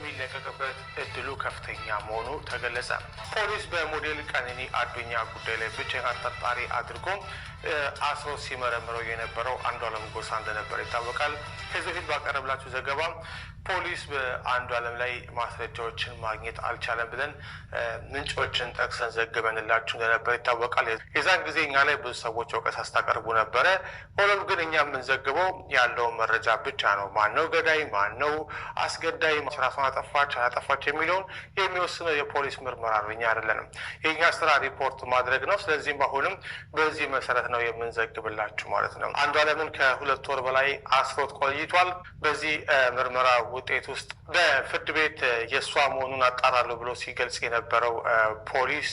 የሚለቀቅበት እድሉ ከፍተኛ መሆኑ ተገለጸ። ፖሊስ በሞዴል ቀነኒ አዱኛ ጉዳይ ላይ ብቸኛ ተጠርጣሪ አድርጎ አስሮ ሲመረምረው የነበረው አንዷ ጎሳ እንደነበር ይታወቃል። ከዚህ በፊት ባቀረብላችሁ ዘገባ ፖሊስ በአንዱ አለም ላይ ማስረጃዎችን ማግኘት አልቻለም ብለን ምንጮችን ጠቅሰን ዘግበንላችሁ እንደነበር ይታወቃል። የዛን ጊዜ እኛ ላይ ብዙ ሰዎች እውቀት አስታቀርቡ ነበረ። ሆኖም ግን እኛ የምንዘግበው ያለውን መረጃ ብቻ ነው። ማነው ገዳይ፣ ነው አስገዳይ፣ ራሷን አጠፋች አላጠፋች የሚለውን የሚወስነው የፖሊስ ምርመራ ነው፣ እኛ አይደለንም። የእኛ ስራ ሪፖርት ማድረግ ነው። ስለዚህም አሁንም በዚህ መሰረት ነው የምንዘግብላችሁ ማለት ነው። አንዱ አለምን ከሁለት ወር በላይ አስሮት ቆይ ቆይቷል። በዚህ ምርመራ ውጤት ውስጥ በፍርድ ቤት የእሷ መሆኑን አጣራለሁ ብሎ ሲገልጽ የነበረው ፖሊስ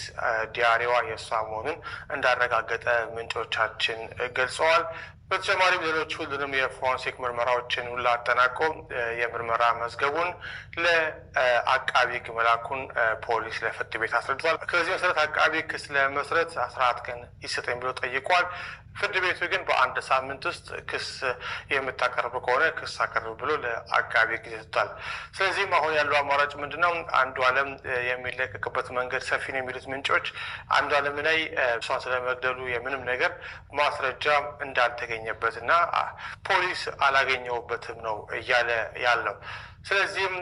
ዲያሪዋ የእሷ መሆኑን እንዳረጋገጠ ምንጮቻችን ገልጸዋል። በተጨማሪም ሌሎች ሁሉንም የፎረንሲክ ምርመራዎችን ሁላ አጠናቆ የምርመራ መዝገቡን ለአቃቢ ሕግ መላኩን ፖሊስ ለፍርድ ቤት አስረድቷል። ከዚህ መሰረት አቃቢ ሕግ ክስ ለመስረት አስራ አራት ቀን ይሰጠኝ ብሎ ጠይቋል። ፍርድ ቤቱ ግን በአንድ ሳምንት ውስጥ ክስ የምታቀርብ ከሆነ ክስ አቀርብ ብሎ ለአቃቢ ጊዜ ሰጥቷል። ስለዚህም አሁን ያለው አማራጭ ምንድን ነው? አንዱ አለም የሚለቀቅበት መንገድ ሰፊ ነው የሚሉት ምንጮች አንዱ አለም ላይ እሷን ስለመግደሉ የምንም ነገር ማስረጃ እንዳልተገኘ የተገኘበት እና ፖሊስ አላገኘውበትም ነው እያለ ያለው። ስለዚህም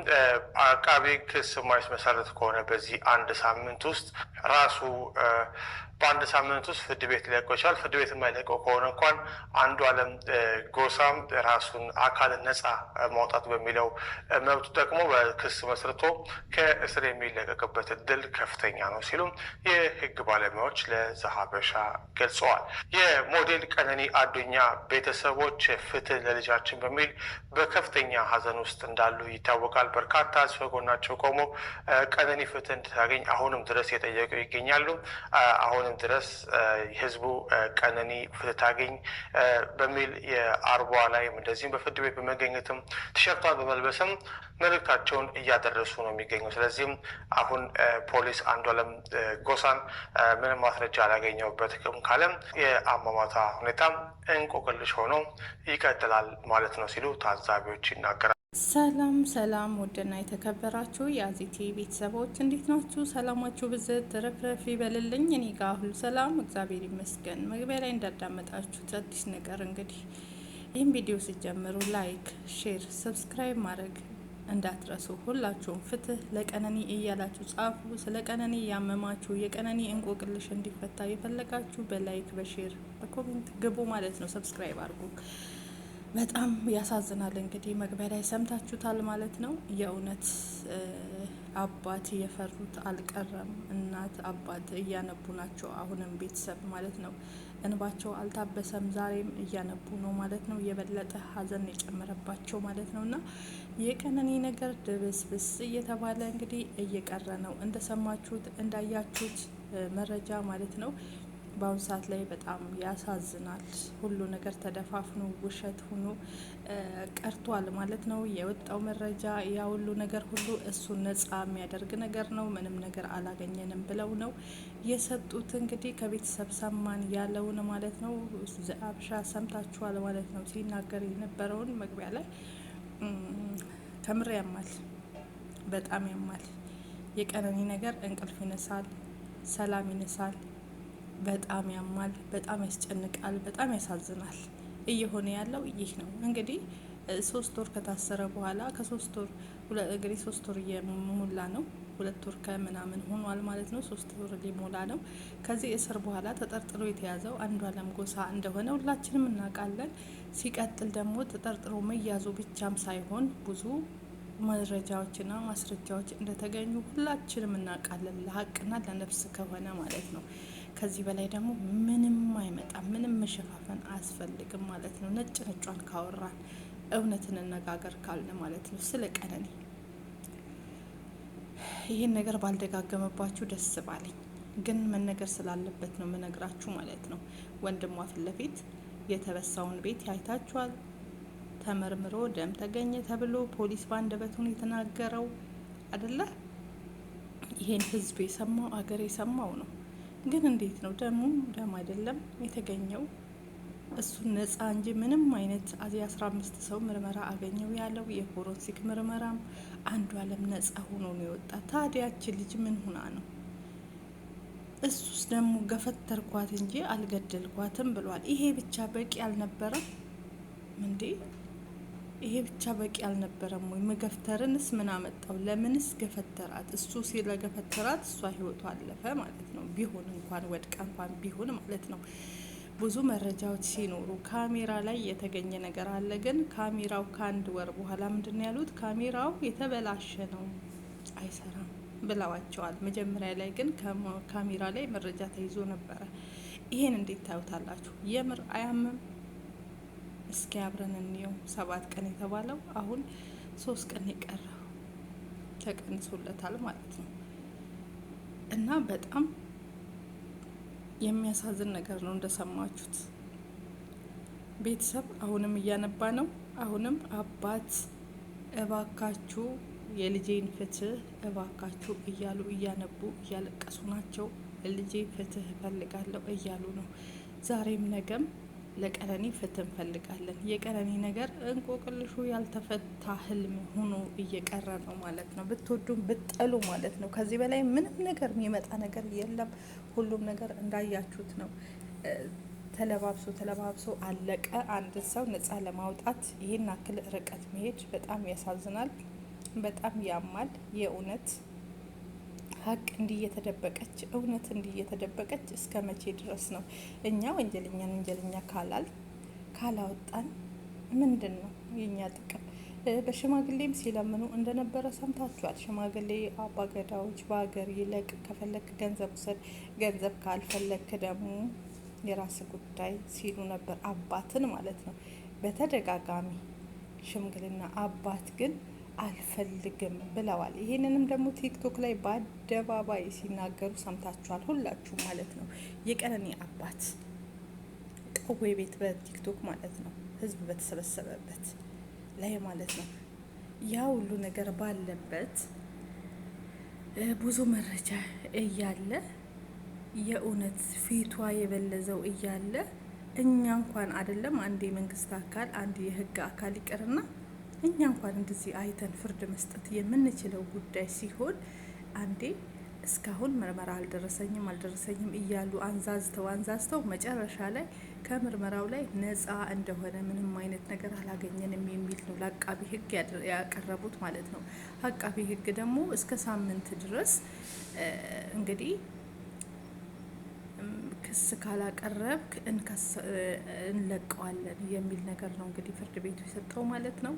አቃቤ ክስ የማይመሰረት ከሆነ በዚህ አንድ ሳምንት ውስጥ ራሱ በአንድ ሳምንት ውስጥ ፍርድ ቤት ሊለቀው ይችላል። ፍርድ ቤት የማይለቀው ከሆነ እንኳን አንዱ አለም ጎሳም ራሱን አካል ነፃ ማውጣት በሚለው መብቱ ደግሞ በክስ መስርቶ ከእስር የሚለቀቅበት እድል ከፍተኛ ነው ሲሉም የህግ ባለሙያዎች ለዛሀበሻ ገልጸዋል። የሞዴል ቀነኒ አዱኛ ቤተሰቦች ፍትህ ለልጃችን በሚል በከፍተኛ ሀዘን ውስጥ እንዳሉ ይታወቃል። በርካታ ህዝብ ከጎናቸው ቆሞ ቀነኒ ፍትህ እንድታገኝ አሁንም ድረስ የጠየቁ ይገኛሉ። አሁንም ድረስ ህዝቡ ቀነኒ ፍትህ ታገኝ በሚል የአርቧ ላይም እንደዚህም በፍርድ ቤት በመገኘትም ቲሸርቷን በመልበስም መልእክታቸውን እያደረሱ ነው የሚገኘው። ስለዚህም አሁን ፖሊስ አንዷለም ጎሳን ምንም ማስረጃ አላገኘሁበትም ካለም የአሟሟታ ሁኔታ እንቆቅልሽ ሆኖ ይቀጥላል ማለት ነው ሲሉ ታዛቢዎች ይናገራል። ሰላም ሰላም ውድና የተከበራችሁ የአዚቴ ቤተሰቦች እንዴት ናችሁ? ሰላማችሁ ብዝት ተረፍረፍ ይበልልኝ። እኔ ጋር ሁሉ ሰላም እግዚአብሔር ይመስገን። መግቢያ ላይ እንዳዳመጣችሁት አዲስ ነገር እንግዲህ ይህም ቪዲዮ ሲጀምሩ ላይክ፣ ሼር፣ ሰብስክራይብ ማድረግ እንዳትረሱ። ሁላችሁም ፍትህ ለቀነኒ እያላችሁ ጻፉ። ስለ ቀነኒ ያመማችሁ የቀነኒ እንቆቅልሽ እንዲፈታ የፈለጋችሁ በላይክ በሼር በኮሜንት ግቡ ማለት ነው። ሰብስክራይብ አድርጉ። በጣም ያሳዝናል። እንግዲህ መግቢያ ላይ ሰምታችሁታል ማለት ነው። የእውነት አባት የፈሩት አልቀረም። እናት አባት እያነቡ ናቸው። አሁንም ቤተሰብ ማለት ነው እንባቸው አልታበሰም። ዛሬም እያነቡ ነው ማለት ነው። የበለጠ ሀዘን የጨመረባቸው ማለት ነው። እና የቀነኒ ነገር ድብስብስ እየተባለ እንግዲህ እየቀረ ነው እንደሰማችሁት እንዳያችሁት መረጃ ማለት ነው። በአሁኑ ሰዓት ላይ በጣም ያሳዝናል። ሁሉ ነገር ተደፋፍኖ ውሸት ሆኖ ቀርቷል ማለት ነው። የወጣው መረጃ ያ ሁሉ ነገር ሁሉ እሱን ነጻ የሚያደርግ ነገር ነው። ምንም ነገር አላገኘንም ብለው ነው የሰጡት። እንግዲህ ከቤተሰብ ሰማን ያለውን ማለት ነው። አብሻ ሰምታችኋል ማለት ነው ሲናገር የነበረውን መግቢያ ላይ ከምር ያማል፣ በጣም ያማል። የቀነኒ ነገር እንቅልፍ ይነሳል፣ ሰላም ይነሳል። በጣም ያማል፣ በጣም ያስጨንቃል፣ በጣም ያሳዝናል። እየሆነ ያለው ይህ ነው። እንግዲህ ሶስት ወር ከታሰረ በኋላ ከሶስት ወር እንግዲህ ሶስት ወር እየሞላ ነው። ሁለት ወር ከምናምን ሆኗል ማለት ነው። ሶስት ወር ሊሞላ ነው። ከዚህ እስር በኋላ ተጠርጥሮ የተያዘው አንዷለም ጎሳ እንደሆነ ሁላችንም እናውቃለን። ሲቀጥል ደግሞ ተጠርጥሮ መያዙ ብቻም ሳይሆን ብዙ መረጃዎችና ማስረጃዎች እንደተገኙ ሁላችንም እናውቃለን። ለሀቅና ለነፍስ ከሆነ ማለት ነው ከዚህ በላይ ደግሞ ምንም አይመጣም። ምንም መሸፋፈን አያስፈልግም ማለት ነው። ነጭ ነጯን ካወራን እውነትን እነጋገር ካለ ማለት ነው። ስለ ቀነኒ ይህን ነገር ባልደጋገመባችሁ ደስ ባለኝ፣ ግን መነገር ስላለበት ነው መነግራችሁ ማለት ነው። ወንድሟ ፊት ለፊት የተበሳውን ቤት ያይታችኋል። ተመርምሮ ደም ተገኘ ተብሎ ፖሊስ በአንደበቱ ነው የተናገረው አደለ? ይሄን ህዝብ የሰማው አገር የሰማው ነው። ግን እንዴት ነው ደሙ ደም አይደለም የተገኘው እሱን ነጻ እንጂ ምንም አይነት አዚ አስራ አምስት ሰው ምርመራ አገኘው ያለው የፎረንሲክ ምርመራም አንዱ አለም ነጻ ሆኖ ነው የወጣ። ታዲያችን ልጅ ምን ሁና ነው? እሱስ ደግሞ ገፈተርኳት እንጂ አልገደልኳትም ብሏል። ይሄ ብቻ በቂ አልነበረም እንዴ? ይሄ ብቻ በቂ አልነበረም ወይ? መገፍተርንስ ምን አመጣው? ለምንስ ገፈተራት? እሱ ሲለገፈተራት እሷ ህይወቷ አለፈ ማለት ነው። ቢሆን እንኳን ወድቃ እንኳን ቢሆን ማለት ነው። ብዙ መረጃዎች ሲኖሩ ካሜራ ላይ የተገኘ ነገር አለ። ግን ካሜራው ከአንድ ወር በኋላ ምንድን ነው ያሉት? ካሜራው የተበላሸ ነው አይሰራም ብለዋቸዋል። መጀመሪያ ላይ ግን ካሜራ ላይ መረጃ ተይዞ ነበረ። ይሄን እንዴት ታዩታላችሁ? የምር አያምም እስኪ አብረን እንየው። ሰባት ቀን የተባለው አሁን ሶስት ቀን የቀረው ተቀንሶለታል ማለት ነው። እና በጣም የሚያሳዝን ነገር ነው እንደሰማችሁት። ቤተሰብ አሁንም እያነባ ነው። አሁንም አባት እባካችሁ የልጄን ፍትህ እባካችሁ እያሉ እያነቡ እያለቀሱ ናቸው። ልጄ ፍትህ እፈልጋለሁ እያሉ ነው ዛሬም ነገም ለቀነኒ ፍትህ እንፈልጋለን። የቀነኒ ነገር እንቆቅልሹ ያልተፈታ ህልም ሆኖ እየቀረ ነው ማለት ነው። ብትወዱም ብጠሉ ማለት ነው። ከዚህ በላይ ምንም ነገር የሚመጣ ነገር የለም። ሁሉም ነገር እንዳያችሁት ነው። ተለባብሶ ተለባብሶ አለቀ። አንድ ሰው ነጻ ለማውጣት ይህን አክል ርቀት መሄድ በጣም ያሳዝናል፣ በጣም ያማል የእውነት ሀቅ እንዲህ እየተደበቀች እውነት እንዲህ እየተደበቀች እስከ መቼ ድረስ ነው? እኛ ወንጀለኛን ወንጀለኛ ካላል ካላወጣን ምንድን ነው የእኛ ጥቅም? በሽማግሌም ሲለምኑ እንደነበረ ሰምታችኋል። ሽማግሌ አባገዳዎች በሀገር ይለቅ፣ ከፈለክ ገንዘብ ውሰድ፣ ገንዘብ ካልፈለክ ደግሞ የራስ ጉዳይ ሲሉ ነበር። አባትን ማለት ነው በተደጋጋሚ ሽምግልና አባት ግን አልፈልግም ብለዋል። ይህንንም ደግሞ ቲክቶክ ላይ በአደባባይ ሲናገሩ ሰምታችኋል ሁላችሁ ማለት ነው። የቀነኒ አባት ቀዌ ቤት በቲክቶክ ማለት ነው፣ ህዝብ በተሰበሰበበት ላይ ማለት ነው። ያ ሁሉ ነገር ባለበት ብዙ መረጃ እያለ የእውነት ፊቷ የበለዘው እያለ እኛ እንኳን አይደለም አንድ የመንግስት አካል አንድ የህግ አካል ይቅርና እኛ እንኳን እንደዚህ አይተን ፍርድ መስጠት የምንችለው ጉዳይ ሲሆን አንዴ እስካሁን ምርመራ አልደረሰኝም አልደረሰኝም እያሉ አንዛዝተው አንዛዝተው መጨረሻ ላይ ከምርመራው ላይ ነፃ እንደሆነ ምንም አይነት ነገር አላገኘንም የሚል ነው ለአቃቢ ሕግ ያቀረቡት ማለት ነው። አቃቢ ሕግ ደግሞ እስከ ሳምንት ድረስ እንግዲህ ክስ ካላቀረብክ እንለቀዋለን የሚል ነገር ነው እንግዲህ ፍርድ ቤቱ የሰጠው ማለት ነው።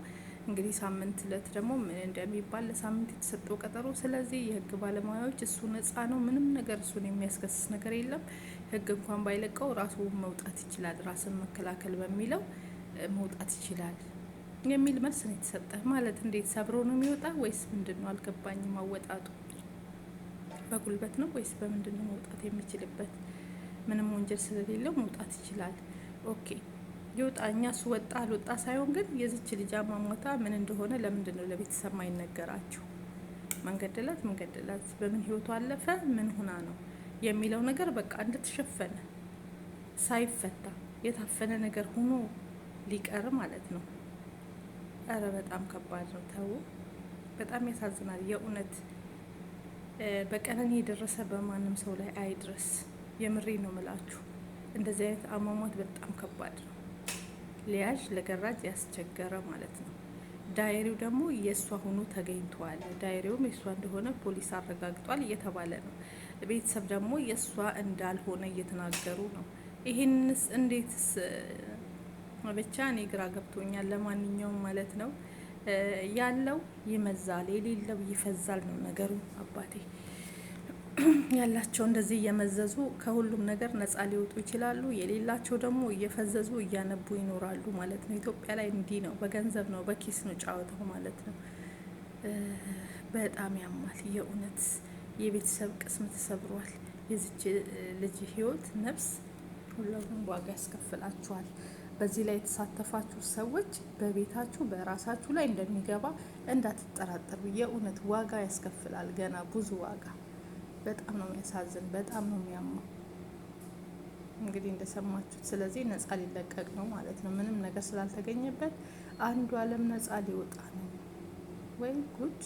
እንግዲህ ሳምንት እለት ደግሞ ምን እንደሚባል ለሳምንት የተሰጠው ቀጠሮ። ስለዚህ የህግ ባለሙያዎች እሱ ነፃ ነው፣ ምንም ነገር እሱን የሚያስከስስ ነገር የለም። ህግ እንኳን ባይለቀው ራሱ መውጣት ይችላል፣ ራስን መከላከል በሚለው መውጣት ይችላል የሚል መልስ ነው የተሰጠ። ማለት እንዴት ሰብሮ ነው የሚወጣ ወይስ ምንድን ነው አልገባኝም። አወጣጡ በጉልበት ነው ወይስ በምንድን ነው መውጣት የሚችልበት? ምንም ወንጀል ስለሌለው መውጣት ይችላል። ኦኬ የውጣኛ እኛ እሱ ወጣ አልወጣ ሳይሆን ግን የዚች ልጅ አሟሟታ ምን እንደሆነ ለምንድን ነው ለቤተሰብ ማይነገራቸው? መንገደላት መንገደላት በምን ህይወቱ አለፈ ምን ሆና ነው የሚለው ነገር በቃ እንደተሸፈነ ሳይፈታ የታፈነ ነገር ሆኖ ሊቀር ማለት ነው። እረ በጣም ከባድ ነው። ተው በጣም ያሳዝናል። የእውነት በቀነኒ የደረሰ በማንም ሰው ላይ አይድረስ። የምሬ ነው ምላችሁ። እንደዚህ አይነት አሟሟት በጣም ከባድ ነው። ሊያዥ ለገራጅ ያስቸገረ ማለት ነው። ዳይሪው ደግሞ የእሷ ሆኖ ተገኝቷል። ዳይሪውም የእሷ እንደሆነ ፖሊስ አረጋግጧል እየተባለ ነው። ቤተሰብ ደግሞ የእሷ እንዳልሆነ እየተናገሩ ነው። ይህንስ እንዴትስ ብቻ እኔ ግራ ገብቶኛል። ለማንኛውም ማለት ነው ያለው ይመዛል፣ የሌለው ይፈዛል ነው ነገሩ አባቴ። ያላቸው እንደዚህ እየመዘዙ ከሁሉም ነገር ነጻ ሊወጡ ይችላሉ። የሌላቸው ደግሞ እየፈዘዙ እያነቡ ይኖራሉ ማለት ነው። ኢትዮጵያ ላይ እንዲህ ነው። በገንዘብ ነው፣ በኪስ ነው ጫወተው ማለት ነው። በጣም ያማል። የእውነት የቤተሰብ ቅስም ተሰብሯል። የዚች ልጅ ህይወት ነፍስ ሁሉም ዋጋ ያስከፍላችኋል። በዚህ ላይ የተሳተፋችሁ ሰዎች በቤታችሁ በራሳችሁ ላይ እንደሚገባ እንዳትጠራጠሩ። የእውነት ዋጋ ያስከፍላል፣ ገና ብዙ ዋጋ በጣም ነው የሚያሳዝን፣ በጣም ነው የሚያማው። እንግዲህ እንደሰማችሁት፣ ስለዚህ ነጻ ሊለቀቅ ነው ማለት ነው። ምንም ነገር ስላልተገኘበት አንዱ አለም ነጻ ሊወጣ ነው ወይ ጉድ!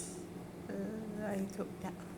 ኢትዮጵያ